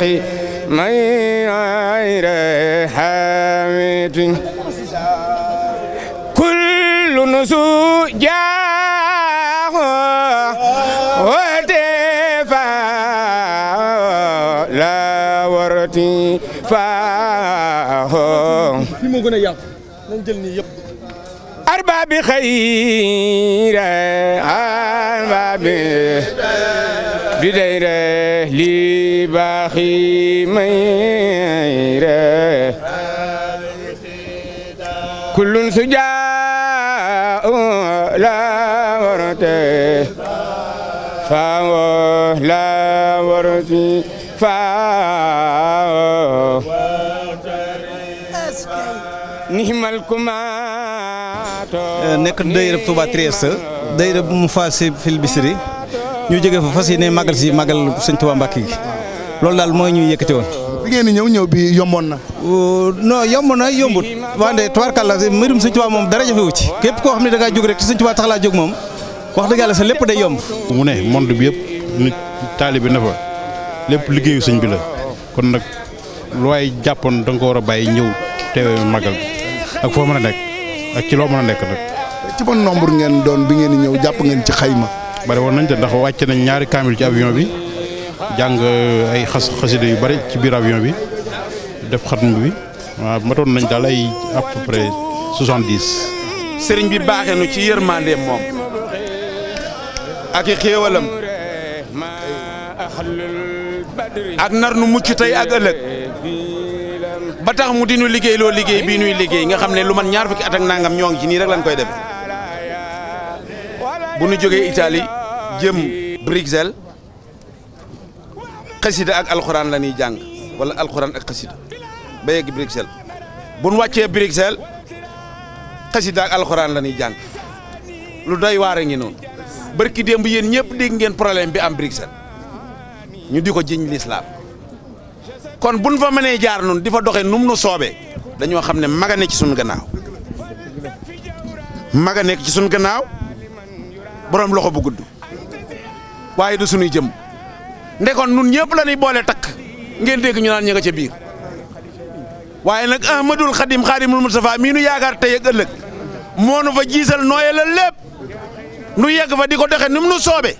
باقي ما غير حامد كل نسو جاه ودفع لا ورتي فاه أرباب خير أرباب بديره لي باخي ميره كل سجاء لا ورته فاو لا ورتي فاو نهم الكمات نكن دايره بتوبا تريسه دايره مفاسي في البصري ñu jógee fa fas yéene màggal si màggal sëñ Tuubaa Mbàkke gi loolu daal mooy ñuy yëkkati woon. bi ngeen di ñëw ñëw bi yomboon na. non yomb na yombut wante tubaarkàlla mbirum sëñ Tuubaa moom dara jafewu ci képp koo xam ne da ngaa jóg rek te sëñ Tuubaa tax laa jóg moom wax dëgg yàlla sa lépp day yomb. mu ne monde bi yëpp nit taalibe na fa lépp liggéeyu sëñ bi la kon nag lu waay jàppoon da nga ko war a bàyyi ñëw teewee màggal ak foo mën a nekk ak ci loo mën a nekk nag. ci bon nombre ngeen doon bi ngeen di ñëw jàpp ngeen ci xayma. bari woon nañ te ndax wàcc nañ ñaari kaamil ci avion bi jàng ay xas xasida yu bari ci biir avion bi def xatm bi waa matoon nañ daal ay à peu près soixante-dix. sëriñ bi baaxee nu ci yërmandeem moom ak i xéewalam ak nar nu mucc tey ak ëllëg ba tax mu di liggéey loo liggéey bii nuy liggéey nga xam ne lu man ñaar fukki at ak nangam ñoo ngi ci nii rek lañ koy def bu nu jógee Italie jëm Bruxelles xasida ak alxuraan la ñuy jàng wala alxuraan ak xasida ba yegg Bruxelles bu nu wàccee Bruxelles xasida ak alxuraan la ñuy jàng lu doy waar a ngi noonu barki démb yéen ñëpp dégg ngeen problème bi am Bruxelles ñu di ko jiñ lislaam kon buñ fa mënee jaar noonu di fa doxee num nu soobee dañoo xam ne maga ci suñu gannaaw maga nekk ci suñu gannaaw borom loxo bu gudd waaye du sunuy jëm kon nun ñëpp la boole takk ngeen dégg ñu naan ña nga ca biir waaye nag ahmadul xadim xaadimul Mustafa mii nu yaakaar tey ak ëllëg moo nu fa jiisal nooye la lépp nu yegg fa di ko doxe ni nu soobe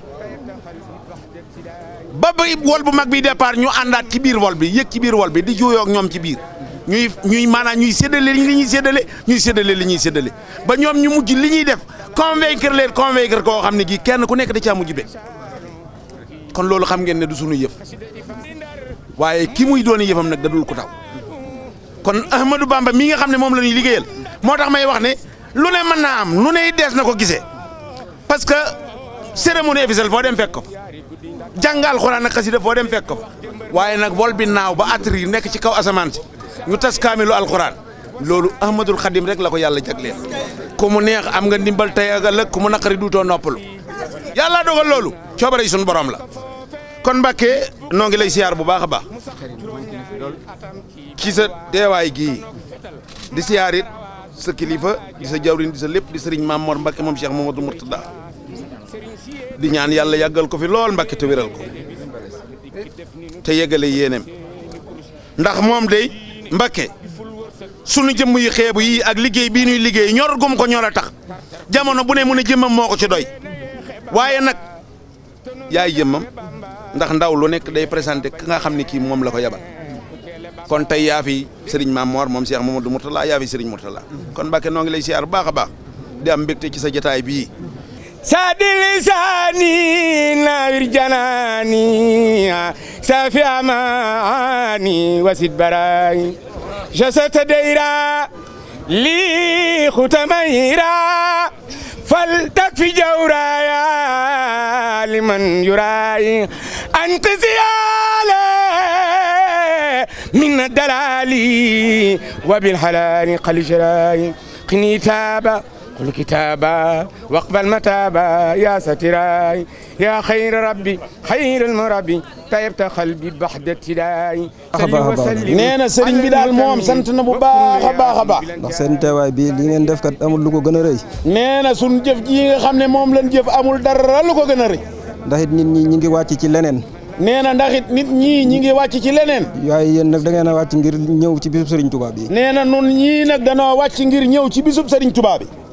ba ba wol bu mag bi départ ñu àndaat ci biir wol bi yëg ci biir wol bi di juuyoo ak ñoom ci biir ñuy ñuy maanaam ñuy séddale li ñuy séddale ñuy séddale li ñuy séddale ba ñoom ñu mujj li ñuy def convaincre leen convaincre ko xam ne gii kenn ku nekk da ca mujj be kon loolu xam ngeen ne du sunu yëf waaye kii muy doon yëfam nag da ko taw kon Ahmadou Bamba mii nga xam ne moom la ñuy liggéeyal moo tax may wax ne lu ne mën naa am lu ne dees na ko gisee parce que cérémonie officielle foo dem fekk ko fa jàngal xuraan ak xasida foo dem fekk ko fa waaye nag vol bi naaw ba atri nekk ci kaw asamaan si ñu tas kaamilu alxuraan loolu Ahmadul Xadim rek la ko yàlla jagleel ku mu neex am nga ndimbal tey ak ëllëg ku mu naqari duutoo noppalu yàlla dogal loolu coobare yi sunu la. kon Mbacke noo ngi lay siyaar bu baax a baax ci sa teewaay gii di siyaar it sa kilifa di sa jawrin di sa lépp di sëriñ Maam Mor Mbacke moom Cheikh Mamadou Mourtada di ñaan yàlla yàggal ko fi lool Mbacke te wéral ko te yeggale yéenem ndax moom day Mbacke sunu jëmm yu xeebu yi ak liggéey bii nuy liggéey ñor gum ko ñor a tax jamono bu ne mu ne jëmmam moo ko ci doy waaye nag yaay jëmmam. ndax ndaw lu nekk day présenté ki nga xam ne kii moom la ko yabal kon tey yaa fi Serigne Mame Mor moom Cheikh Mamadou Mourtala yaa fi Serigne kon Mbàkke noo ngi lay siyaar baax a baax di am mbégte ci sa jotaay bii sadi lisaani nawir janaani safi amaani wasit baraay jasata dayra lii xutamayra fal tak fi jawraaya liman yuraayi أنت زيالة من الدلال وبالحلال قل جراي قني تابا قل كتابا واقبل متابا يا ستراي يا خير ربي خير المربي tayeb ta xal bi de tidaay. nee na sëriñ bi daal moom sant na bu baax a baax a baax. ndax seen teewaay bii li ngeen def kat amul lu ko gën a rëy. nee xam ne moom len jëf amul dara lu ko gën a rëy. nit ñi ñu ngi wàcc ci leneen. nee na ndax it nit ñii ñi ngi wàcc ci leneen waaye yéen nag da ngeen a wàcc ngir ñëw ci bisub sëriñ Tuubaa bi nee na nun ñii nag danoo wàcc ngir ñëw ci bisub sëriñ bi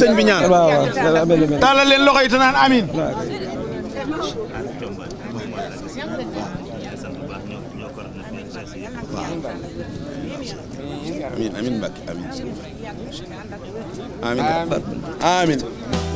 leen sëñ bi ñaan tàllal leen loxo yi te naan amiin amiin amiin Mbacke amiin amiin